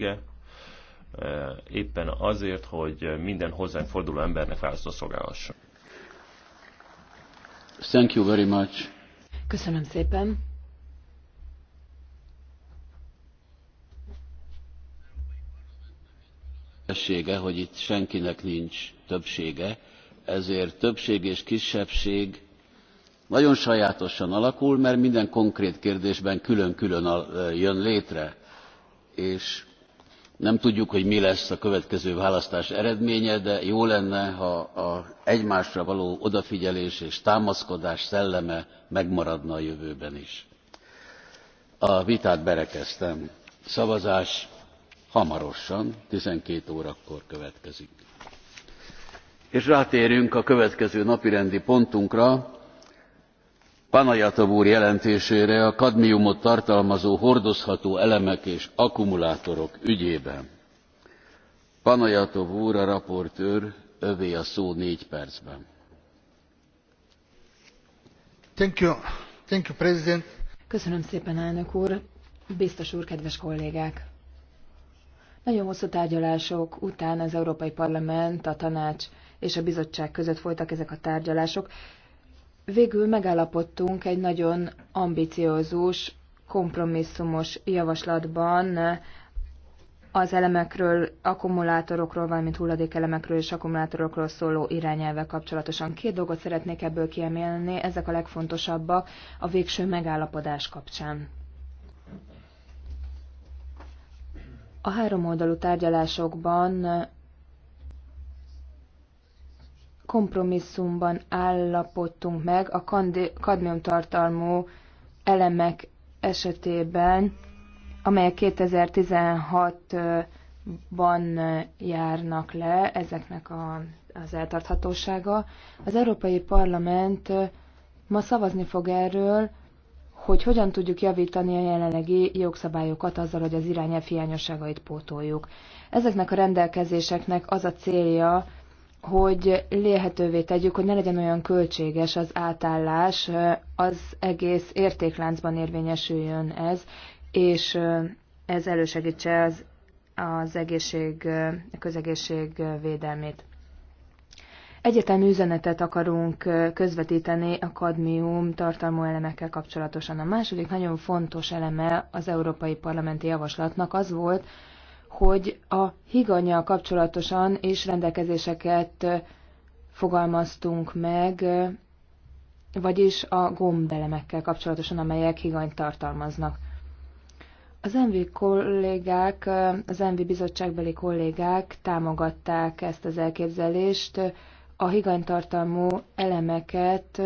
szüksége, e, éppen azért, hogy minden hozzánk forduló embernek választó szolgálhasson. Thank you very much. Köszönöm szépen. Többsége, hogy itt senkinek nincs többsége, ezért többség és kisebbség nagyon sajátosan alakul, mert minden konkrét kérdésben külön-külön e, jön létre. És nem tudjuk, hogy mi lesz a következő választás eredménye, de jó lenne, ha a egymásra való odafigyelés és támaszkodás szelleme megmaradna a jövőben is. A vitát berekeztem. Szavazás hamarosan, 12 órakor következik. És rátérünk a következő napirendi pontunkra, panayotov úr jelentésére a kadmiumot tartalmazó hordozható elemek és akkumulátorok ügyében. panayotov úr a raportőr övé a szó négy percben. Thank you. Thank you, President. Köszönöm szépen, elnök úr! Biztos úr, kedves kollégák! Nagyon hosszú tárgyalások után az Európai Parlament, a Tanács és a Bizottság között folytak ezek a tárgyalások, Végül megállapodtunk egy nagyon ambiciózus, kompromisszumos javaslatban az elemekről, akkumulátorokról, valamint hulladékelemekről és akkumulátorokról szóló irányelve kapcsolatosan. Két dolgot szeretnék ebből kiemelni, ezek a legfontosabbak a végső megállapodás kapcsán. A három oldalú tárgyalásokban kompromisszumban állapodtunk meg a kadmium tartalmú elemek esetében, amelyek 2016-ban járnak le ezeknek a, az eltarthatósága. Az Európai Parlament ma szavazni fog erről, hogy hogyan tudjuk javítani a jelenlegi jogszabályokat azzal, hogy az irányelv hiányosságait pótoljuk. Ezeknek a rendelkezéseknek az a célja, hogy lehetővé tegyük, hogy ne legyen olyan költséges az átállás, az egész értékláncban érvényesüljön ez, és ez elősegítse az, az egészség, a közegészség védelmét. Egyetem üzenetet akarunk közvetíteni a kadmium tartalmú elemekkel kapcsolatosan. A második nagyon fontos eleme az Európai Parlamenti Javaslatnak az volt, hogy a higanyjal kapcsolatosan és rendelkezéseket fogalmaztunk meg, vagyis a gombelemekkel kapcsolatosan, amelyek higanyt tartalmaznak. Az MV kollégák, az MV bizottságbeli kollégák támogatták ezt az elképzelést, a higanytartalmú elemeket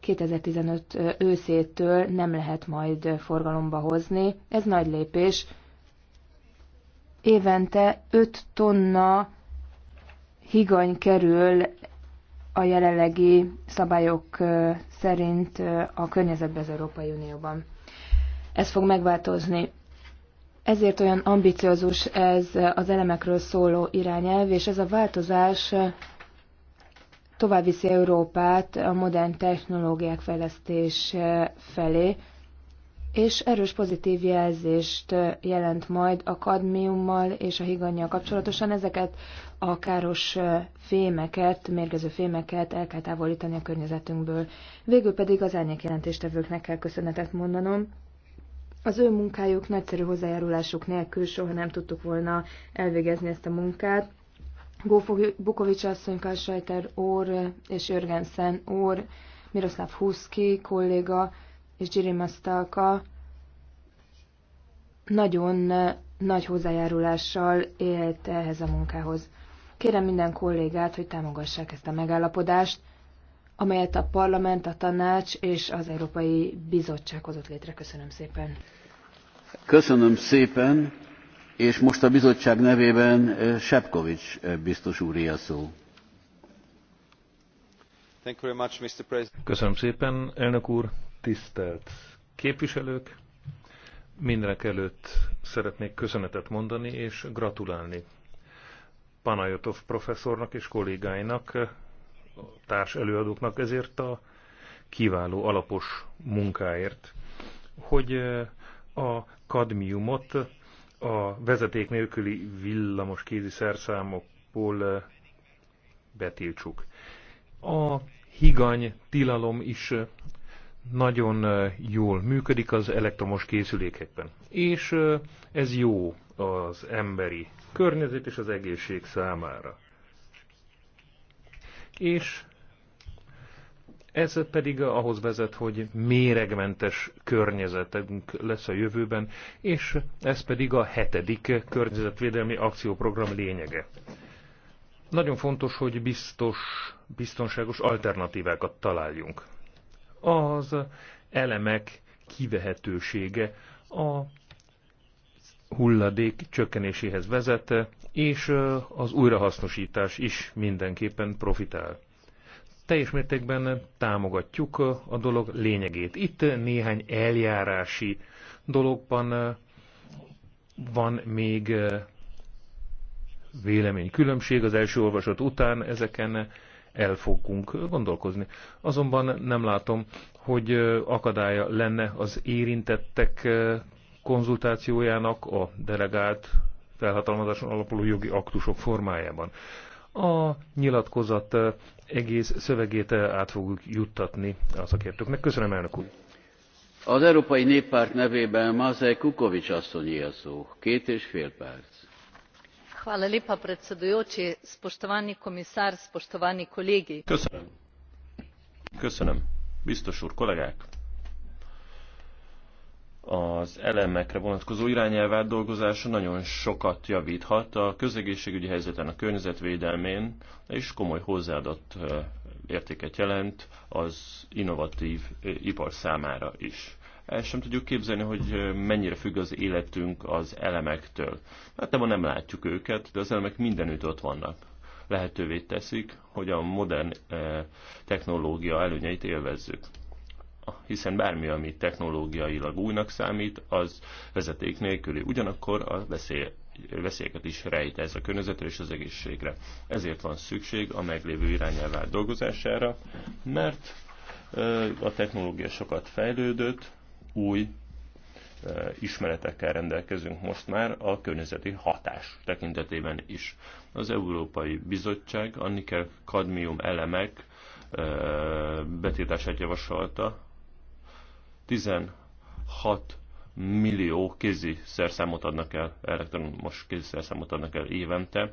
2015 őszétől nem lehet majd forgalomba hozni. Ez nagy lépés, évente 5 tonna higany kerül a jelenlegi szabályok szerint a környezetbe az Európai Unióban. Ez fog megváltozni. Ezért olyan ambiciózus ez az elemekről szóló irányelv, és ez a változás tovább viszi Európát a modern technológiák fejlesztés felé, és erős pozitív jelzést jelent majd a kadmiummal és a higannyal kapcsolatosan. Ezeket a káros fémeket, mérgező fémeket el kell távolítani a környezetünkből. Végül pedig az árnyék jelentéstevőknek kell köszönetet mondanom. Az ő munkájuk nagyszerű hozzájárulásuk nélkül soha nem tudtuk volna elvégezni ezt a munkát. Gófog, Bukovics asszony, Sajter ór és Jörgensen ór, Miroslav Huszki kolléga, és Jiri Mastalka nagyon nagy hozzájárulással élt ehhez a munkához. Kérem minden kollégát, hogy támogassák ezt a megállapodást, amelyet a parlament, a tanács és az Európai Bizottság hozott létre. Köszönöm szépen. Köszönöm szépen, és most a bizottság nevében eh, Sepkovics eh, biztos úr a szó. Köszönöm szépen, elnök úr, tisztelt képviselők! Mindenek előtt szeretnék köszönetet mondani és gratulálni Panajotov professzornak és kollégáinak, társ előadóknak ezért a kiváló alapos munkáért, hogy a kadmiumot a vezeték nélküli villamos kézi szerszámokból betiltsuk. A higany tilalom is nagyon jól működik az elektromos készülékekben. És ez jó az emberi környezet és az egészség számára. És ez pedig ahhoz vezet, hogy méregmentes környezetünk lesz a jövőben, és ez pedig a hetedik környezetvédelmi akcióprogram lényege. Nagyon fontos, hogy biztos, biztonságos alternatívákat találjunk az elemek kivehetősége a hulladék csökkenéséhez vezet, és az újrahasznosítás is mindenképpen profitál. Teljes mértékben támogatjuk a dolog lényegét. Itt néhány eljárási dologban van még véleménykülönbség az első olvasat után ezeken el fogunk gondolkozni. Azonban nem látom, hogy akadálya lenne az érintettek konzultációjának a delegált felhatalmazáson alapuló jogi aktusok formájában. A nyilatkozat egész szövegét át fogjuk juttatni a szakértőknek. Köszönöm, elnök úr! Az Európai Néppárt nevében Mazej Kukovics asszonyi a szó. Két és fél perc. Köszönöm. Köszönöm. Biztos úr, Az elemekre vonatkozó irányelv átdolgozása nagyon sokat javíthat a közegészségügyi helyzeten, a környezetvédelmén, és komoly hozzáadott értéket jelent az innovatív ipar számára is el sem tudjuk képzelni, hogy mennyire függ az életünk az elemektől. Hát nem, nem látjuk őket, de az elemek mindenütt ott vannak. Lehetővé teszik, hogy a modern technológia előnyeit élvezzük. Hiszen bármi, ami technológiailag újnak számít, az vezeték nélküli. Ugyanakkor a veszély veszélyeket is rejt ez a környezetre és az egészségre. Ezért van szükség a meglévő irányelv dolgozására, mert a technológia sokat fejlődött, új ismeretekkel rendelkezünk most már a környezeti hatás tekintetében is. Az Európai Bizottság a kadmium elemek betiltását javasolta. 16 millió kézi szerszámot adnak el, elektromos kézi szerszámot adnak el évente.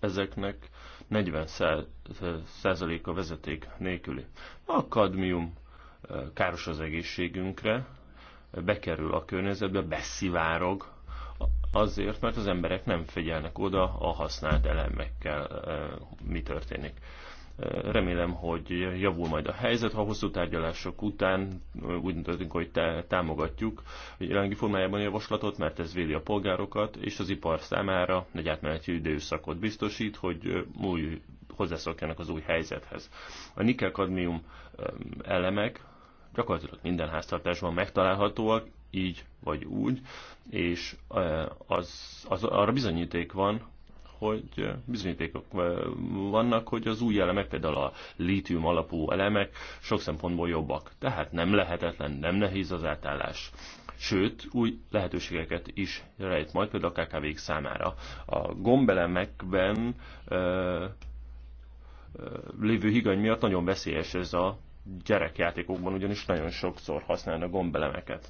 Ezeknek 40 a vezeték nélküli. A kadmium káros az egészségünkre, bekerül a környezetbe, beszivárog, azért, mert az emberek nem figyelnek oda a használt elemekkel, eh, mi történik. Eh, remélem, hogy javul majd a helyzet, ha hosszú tárgyalások után eh, úgy döntünk, hogy támogatjuk a jelenlegi formájában a javaslatot, mert ez védi a polgárokat, és az ipar számára egy átmeneti időszakot biztosít, hogy új hozzászokjanak az új helyzethez. A nikkel-kadmium elemek gyakorlatilag minden háztartásban megtalálhatóak, így vagy úgy, és e, az, az, arra bizonyíték van, hogy e, bizonyítékok e, vannak, hogy az új elemek, például a lítium alapú elemek sok szempontból jobbak. Tehát nem lehetetlen, nem nehéz az átállás. Sőt, új lehetőségeket is rejt majd, például a kkv számára. A gombelemekben ö, ö, lévő higany miatt nagyon veszélyes ez a gyerekjátékokban ugyanis nagyon sokszor használnak gombelemeket.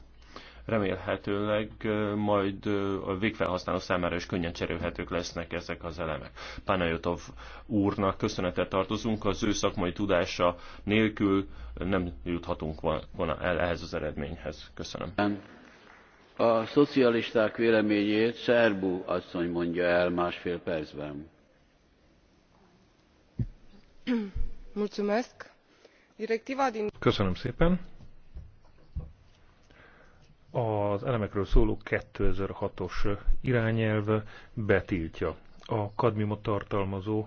Remélhetőleg majd a végfelhasználó számára is könnyen cserélhetők lesznek ezek az elemek. Panajotov úrnak köszönetet tartozunk, az ő szakmai tudása nélkül nem juthatunk volna el ehhez az eredményhez. Köszönöm. A szocialisták véleményét Szerbu asszony mondja el másfél percben. Mulțumesc Köszönöm szépen. Az elemekről szóló 2006-os irányelv betiltja a kadmiumot tartalmazó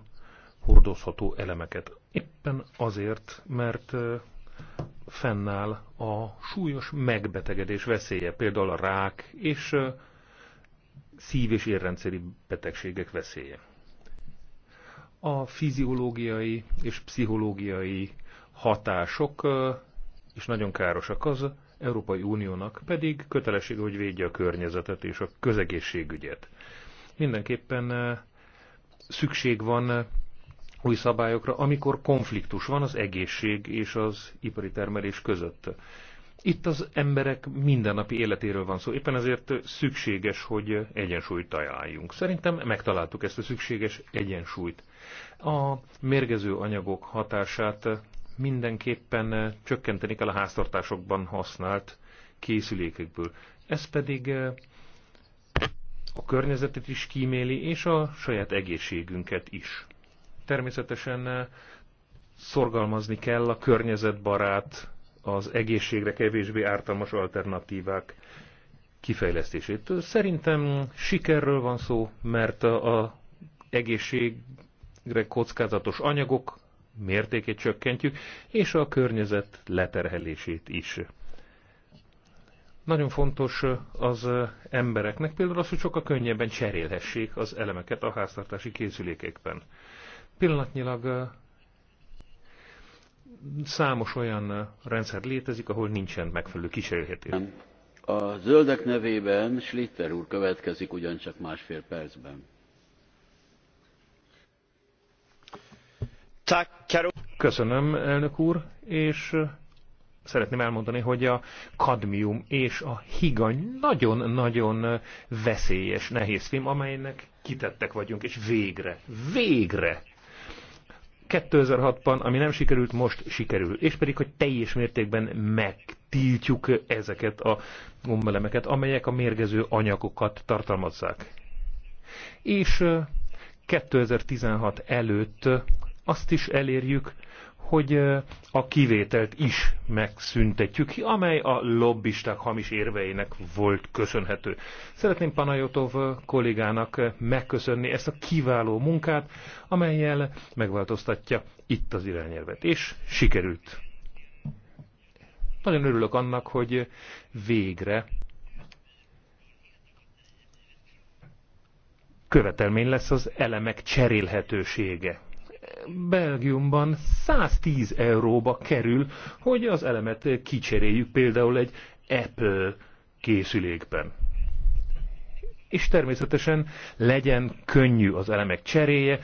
hordozható elemeket. Éppen azért, mert fennáll a súlyos megbetegedés veszélye, például a rák és szív- és érrendszeri betegségek veszélye. A fiziológiai és pszichológiai hatások és nagyon károsak az, Európai Uniónak pedig kötelessége, hogy védje a környezetet és a közegészségügyet. Mindenképpen szükség van új szabályokra, amikor konfliktus van az egészség és az ipari termelés között. Itt az emberek mindennapi életéről van szó, éppen ezért szükséges, hogy egyensúlyt találjunk. Szerintem megtaláltuk ezt a szükséges egyensúlyt. A mérgező anyagok hatását mindenképpen eh, csökkenteni kell a háztartásokban használt készülékekből. Ez pedig eh, a környezetet is kíméli, és a saját egészségünket is. Természetesen eh, szorgalmazni kell a környezetbarát, az egészségre kevésbé ártalmas alternatívák kifejlesztését. Szerintem sikerről van szó, mert a egészségre kockázatos anyagok mértékét csökkentjük, és a környezet leterhelését is. Nagyon fontos az embereknek például az, hogy sokkal könnyebben cserélhessék az elemeket a háztartási készülékekben. Pillanatnyilag számos olyan rendszer létezik, ahol nincsen megfelelő kísérhetés. A zöldek nevében Schlitter úr következik ugyancsak másfél percben. Köszönöm, elnök úr, és szeretném elmondani, hogy a kadmium és a higany nagyon-nagyon veszélyes, nehéz film, amelynek kitettek vagyunk, és végre, végre 2006-ban, ami nem sikerült, most sikerül. És pedig, hogy teljes mértékben megtiltjuk ezeket a gombelemeket, amelyek a mérgező anyagokat tartalmazzák. És 2016 előtt azt is elérjük, hogy a kivételt is megszüntetjük, amely a lobbisták hamis érveinek volt köszönhető. Szeretném Panajotov kollégának megköszönni ezt a kiváló munkát, amelyel megváltoztatja itt az irányelvet, és sikerült. Nagyon örülök annak, hogy végre követelmény lesz az elemek cserélhetősége Belgiumban 110 euróba kerül, hogy az elemet kicseréljük például egy Apple készülékben. És természetesen legyen könnyű az elemek cseréje,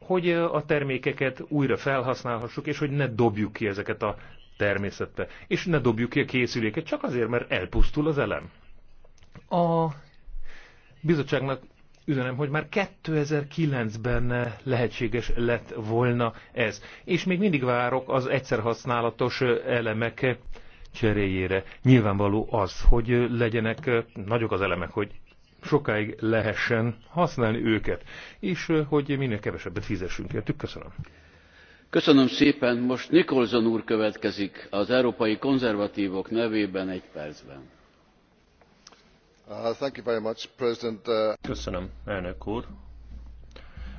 hogy a termékeket újra felhasználhassuk, és hogy ne dobjuk ki ezeket a természetbe. És ne dobjuk ki a készüléket, csak azért, mert elpusztul az elem. A bizottságnak üzenem, hogy már 2009-ben lehetséges lett volna ez. És még mindig várok az használatos elemek cseréjére. Nyilvánvaló az, hogy legyenek nagyok az elemek, hogy sokáig lehessen használni őket, és hogy minél kevesebbet fizessünk értük. Köszönöm. Köszönöm szépen. Most Nikolson úr következik az európai konzervatívok nevében egy percben. Uh, uh, Köszönöm, elnök úr.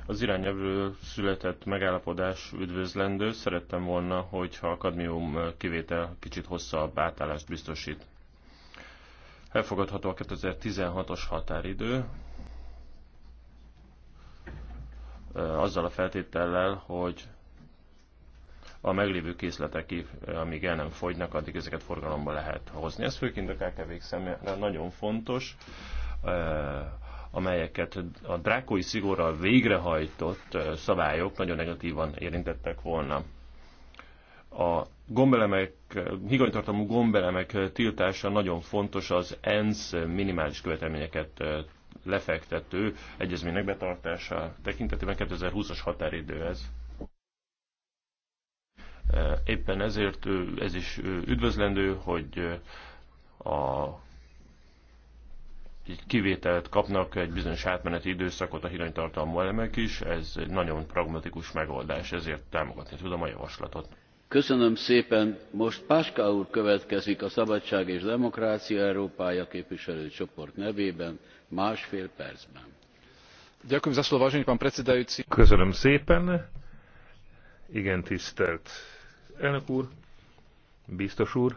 Az irányelvről született megállapodás üdvözlendő. Szerettem volna, hogyha a kadmium kivétel kicsit hosszabb átállást biztosít. Elfogadható a 2016-os határidő, uh, azzal a feltétellel, hogy a meglévő készletek, amíg el nem fogynak, addig ezeket forgalomba lehet hozni. Ez főként a kkv szemére nagyon fontos, eh, amelyeket a drákói szigorral végrehajtott eh, szabályok nagyon negatívan érintettek volna. A gombelemek, eh, higanytartalmú gombelemek tiltása nagyon fontos az ENSZ minimális követelményeket lefektető egyezménynek betartása tekintetében 2020-as ez. Eh, éppen ezért ez is üdvözlendő, hogy a egy kivételt kapnak egy bizonyos átmeneti időszakot a hiranytartalmú elemek is, ez egy nagyon pragmatikus megoldás, ezért támogatni tudom a javaslatot. Köszönöm szépen. Most Páska úr következik a Szabadság és Demokrácia Európája képviselőcsoport nevében másfél percben. Köszönöm szépen. Igen, tisztelt Elnök úr, biztos úr,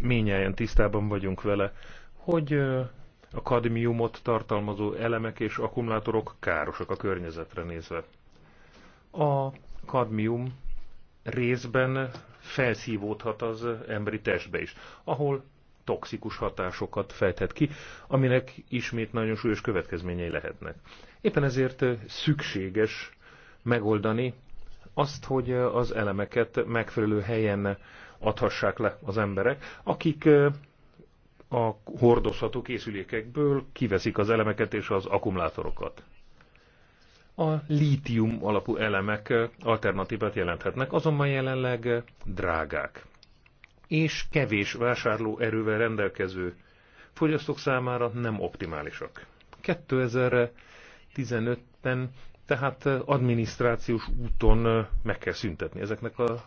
ményáján tisztában vagyunk vele, hogy a kadmiumot tartalmazó elemek és akkumulátorok károsak a környezetre nézve. A kadmium részben felszívódhat az emberi testbe is, ahol toxikus hatásokat fejthet ki, aminek ismét nagyon súlyos következményei lehetnek. Éppen ezért szükséges megoldani azt, hogy az elemeket megfelelő helyen adhassák le az emberek, akik a hordozható készülékekből kiveszik az elemeket és az akkumulátorokat. A lítium alapú elemek alternatívát jelenthetnek, azonban jelenleg drágák és kevés vásárló erővel rendelkező fogyasztók számára nem optimálisak. 2015-ben tehát adminisztrációs úton meg kell szüntetni ezeknek a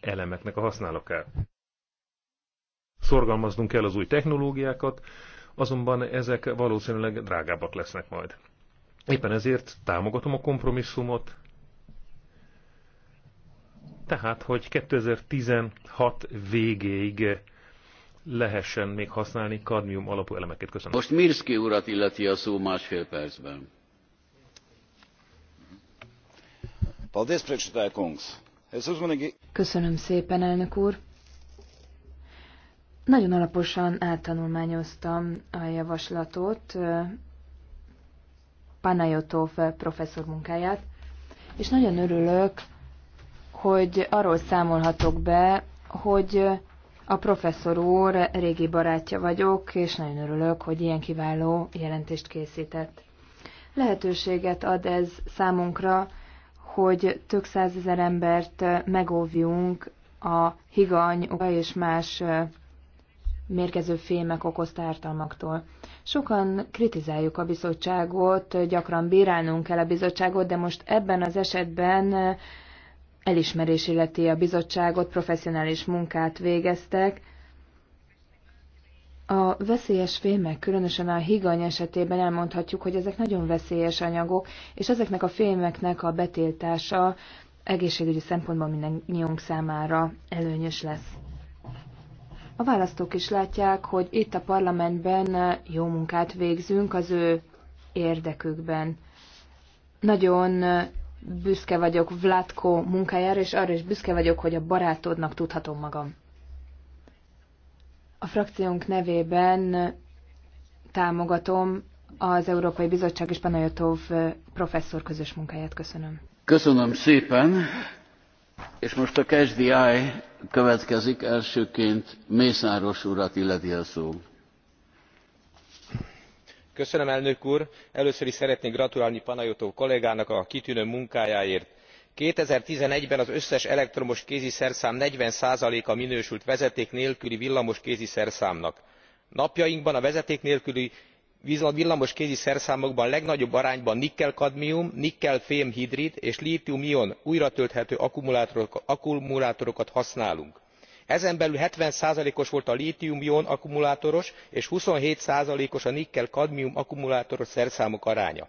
elemeknek a használatát. Szorgalmaznunk kell az új technológiákat, azonban ezek valószínűleg drágábbak lesznek majd. Éppen ezért támogatom a kompromisszumot, tehát, hogy 2016 végéig lehessen még használni kadmium alapú elemeket. Köszönöm. Most Mirszki urat illeti a szó másfél percben. Köszönöm szépen, elnök úr. Nagyon alaposan áttanulmányoztam a javaslatot, Panajotov professzor munkáját, és nagyon örülök, hogy arról számolhatok be, hogy a professzor úr régi barátja vagyok, és nagyon örülök, hogy ilyen kiváló jelentést készített. Lehetőséget ad ez számunkra, hogy több százezer embert megóvjunk a higany és más mérgező fémek okozta ártalmaktól. Sokan kritizáljuk a bizottságot, gyakran bírálnunk kell a bizottságot, de most ebben az esetben elismerés illeti a bizottságot, professzionális munkát végeztek, a veszélyes fémek, különösen a higany esetében elmondhatjuk, hogy ezek nagyon veszélyes anyagok, és ezeknek a fémeknek a betiltása egészségügyi szempontból mindannyiunk számára előnyös lesz. A választók is látják, hogy itt a parlamentben jó munkát végzünk az ő érdekükben. Nagyon büszke vagyok Vlatko munkájára, és arra is büszke vagyok, hogy a barátodnak tudhatom magam. A frakciónk nevében támogatom az Európai Bizottság és Panajotov professzor közös munkáját. Köszönöm. Köszönöm szépen, és most a KSDI következik. Elsőként Mészáros urat illeti a szó. Köszönöm, elnök úr! Először is szeretnék gratulálni Panajotov kollégának a kitűnő munkájáért two thousand and eleven ben az összes elektromos kéziszerszám forty a minősült vezeték nélküli villamos kéziszerszámnak. napjainkban a vezeték nélküli villamos kéziszerszámokban legnagyobb arányban nikkel kadmium nikkel fém hidrid és ltium ion újratölthető akkumulátorokat használunk. ezen belül seventy os volt a ltium ion akkumulátoros és twenty seven os a nikkel kadmium akkumulátoros szerszámok aránya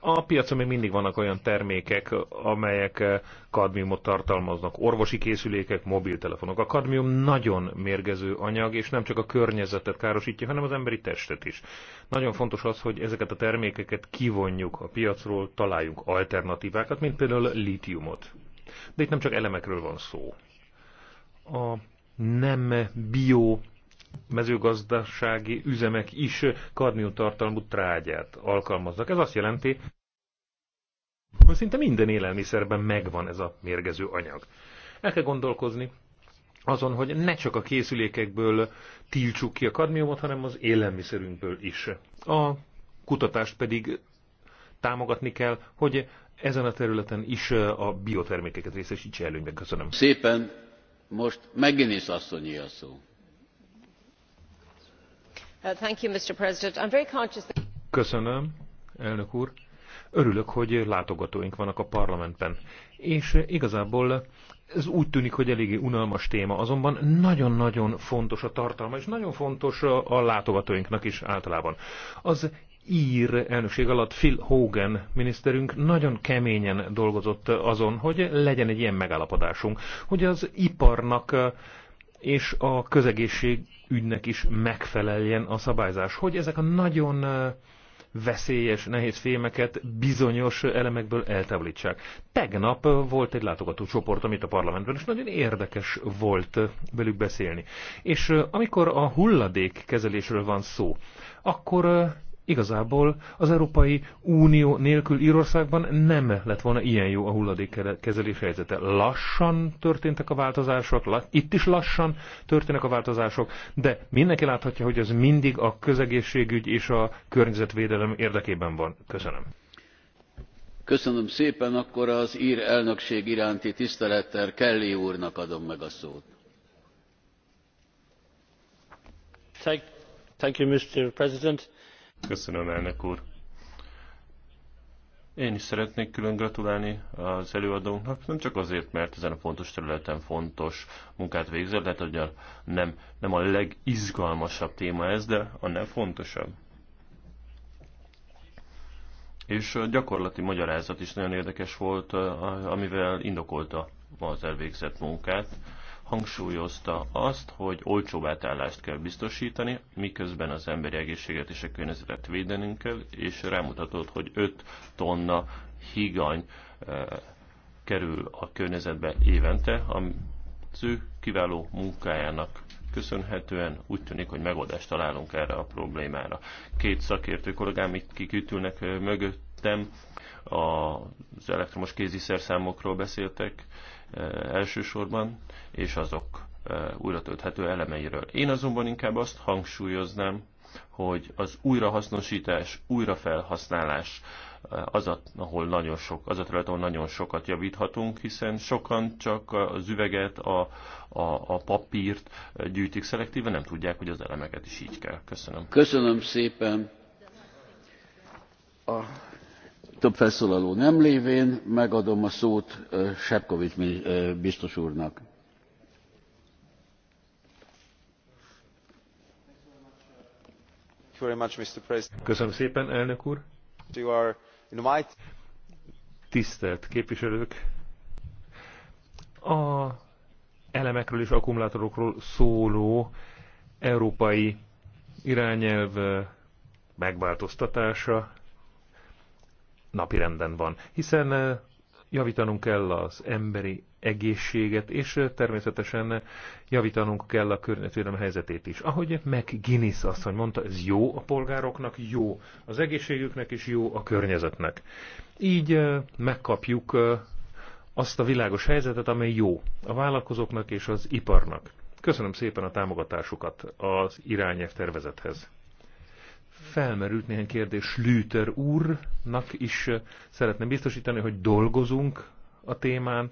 A piacon még mindig vannak olyan termékek, amelyek eh, kadmiumot tartalmaznak, orvosi készülékek, mobiltelefonok. A kadmium nagyon mérgező anyag, és nem csak a környezetet károsítja, hanem az emberi testet is. Nagyon fontos az, hogy ezeket a termékeket kivonjuk a piacról, találjunk alternatívákat, mint például litiumot. De itt nem csak elemekről van szó. A nem bio mezőgazdasági üzemek is tartalmú trágyát alkalmaznak. Ez azt jelenti, hogy szinte minden élelmiszerben megvan ez a mérgező anyag. El kell gondolkozni azon, hogy ne csak a készülékekből tiltsuk ki a kadmiumot, hanem az élelmiszerünkből is. A kutatást pedig támogatni kell, hogy ezen a területen is a biotermékeket részesítse előnyben. Köszönöm. Szépen, most megint is asszonyi a szó. Uh, Köszönöm, elnök úr. Örülök, hogy látogatóink vannak a parlamentben. És igazából ez úgy tűnik, hogy eléggé unalmas téma, azonban nagyon-nagyon fontos a tartalma, és nagyon fontos a látogatóinknak is általában. Az ír elnökség alatt Phil Hogan miniszterünk nagyon keményen dolgozott azon, hogy legyen egy ilyen megállapodásunk, hogy az iparnak és a közegészség ügynek is megfeleljen a szabályzás. Hogy ezek a nagyon veszélyes, nehéz fémeket bizonyos elemekből eltávolítsák. Tegnap volt egy csoport, amit a parlamentben, és nagyon érdekes volt velük beszélni. És amikor a hulladék kezelésről van szó, akkor Igazából az Európai Unió nélkül Írországban nem lett volna ilyen jó a hulladékkezelés helyzete. Lassan történtek a változások, itt is lassan történnek a változások, de mindenki láthatja, hogy ez mindig a közegészségügy és a környezetvédelem érdekében van. Köszönöm. Köszönöm szépen, akkor az ír elnökség iránti tisztelettel Kelly úrnak adom meg a szót. Thank, thank you, Mr. President Köszönöm, elnök úr. Én is szeretnék külön gratulálni az előadónknak, nem csak azért, mert ezen a fontos területen fontos munkát végzel, lehet, hogy hát a nem, nem a legizgalmasabb téma ez, de annál fontosabb. És a gyakorlati magyarázat is nagyon érdekes volt, amivel indokolta az elvégzett munkát hangsúlyozta azt, hogy olcsóbb átállást kell biztosítani, miközben az emberi egészséget és a környezetet védenünk kell, és rámutatott, hogy 5 tonna higany e, kerül a környezetbe évente, az ő kiváló munkájának köszönhetően úgy tűnik, hogy megoldást találunk erre a problémára. Két szakértő kollégám itt kikütülnek eh, mögöttem, az elektromos kéziszerszámokról beszéltek, elsősorban, és azok újra tölthető elemeiről. Én azonban inkább azt hangsúlyoznám, hogy az újrahasznosítás, újrafelhasználás az, ahol nagyon sok, az a terület, ahol nagyon sokat javíthatunk, hiszen sokan csak az üveget, a, a, a papírt gyűjtik szelektíven, nem tudják, hogy az elemeket is így kell. Köszönöm. Köszönöm szépen. A több felszólaló nem lévén megadom a szót sefcovic biztos úrnak. Köszönöm szépen, elnök úr! Tisztelt képviselők! A elemekről és akkumulátorokról szóló európai irányelv megváltoztatása napirenden van, hiszen javítanunk kell az emberi egészséget, és természetesen javítanunk kell a környezetvédelem helyzetét is. Ahogy meg Guinness asszony mondta, ez jó a polgároknak, jó az egészségüknek, és jó a környezetnek. Így megkapjuk azt a világos helyzetet, amely jó a vállalkozóknak és az iparnak. Köszönöm szépen a támogatásukat az irányelv tervezethez felmerült néhány kérdés Lüter úrnak is szeretném biztosítani, hogy dolgozunk a témán,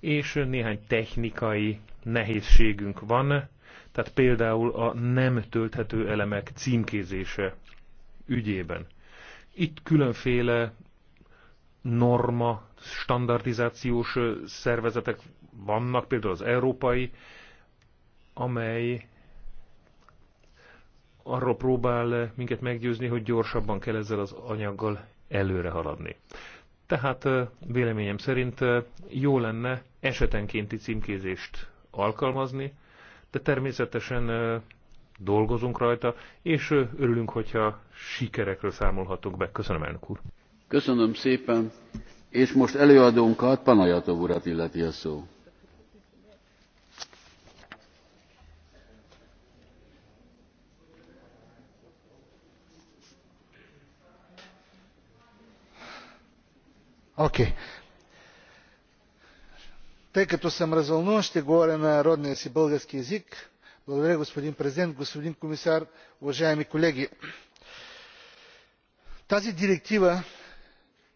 és néhány technikai nehézségünk van, tehát például a nem tölthető elemek címkézése ügyében. Itt különféle norma, standardizációs szervezetek vannak, például az európai, amely arról próbál eh, minket meggyőzni, hogy gyorsabban kell ezzel az anyaggal előre haladni. Tehát eh, véleményem szerint eh, jó lenne esetenkénti címkézést alkalmazni, de természetesen dolgozunk rajta, és örülünk, hogyha sikerekről számolhatunk be. Köszönöm, elnök úr! Köszönöm szépen, és most előadónkat, Panajatov urat illeti a szó. тъй като съм развълнуван ще говоря на родния си български език. благодаря господин президент господин комисар уважаеми колеги! тази директива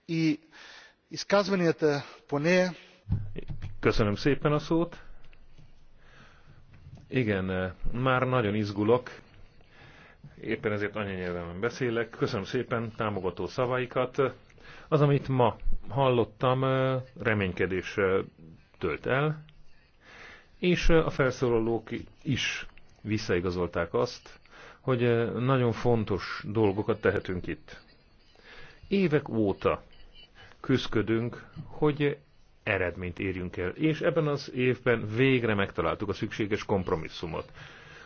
и изказванията по нея Köszönöm szépen a szót. Igen, már nagyon izgulok, éppen ezért anyanyelvemen beszélek. Köszönöm szépen támogató szavaikat. Az, amit ma hallottam, reménykedéssel tölt el, és a felszólalók is visszaigazolták azt, hogy nagyon fontos dolgokat tehetünk itt. Évek óta küzdködünk, hogy eredményt érjünk el, és ebben az évben végre megtaláltuk a szükséges kompromisszumot.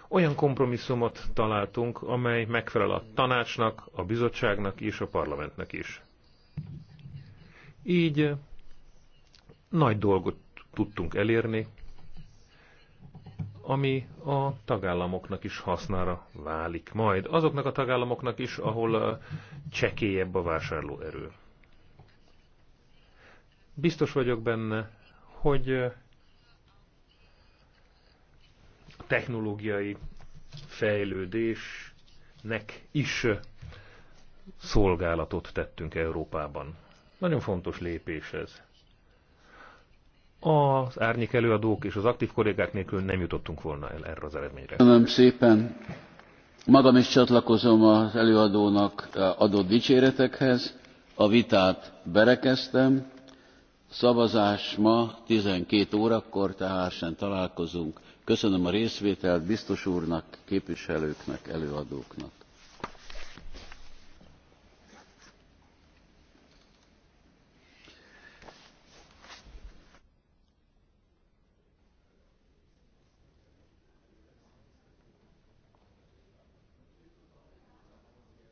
Olyan kompromisszumot találtunk, amely megfelel a tanácsnak, a bizottságnak és a parlamentnek is. Így nagy dolgot tudtunk elérni, ami a tagállamoknak is hasznára válik majd. Azoknak a tagállamoknak is, ahol csekélyebb a vásárlóerő. Biztos vagyok benne, hogy technológiai fejlődésnek is szolgálatot tettünk Európában. Nagyon fontos lépés ez. Az árnyék előadók és az aktív kollégák nélkül nem jutottunk volna el erre az eredményre. Köszönöm szépen. Magam is csatlakozom az előadónak eh, adott dicséretekhez. A vitát berekeztem. Szavazás ma 12 órakor, tehát sem találkozunk. Köszönöm a részvételt biztos úrnak, képviselőknek, előadóknak.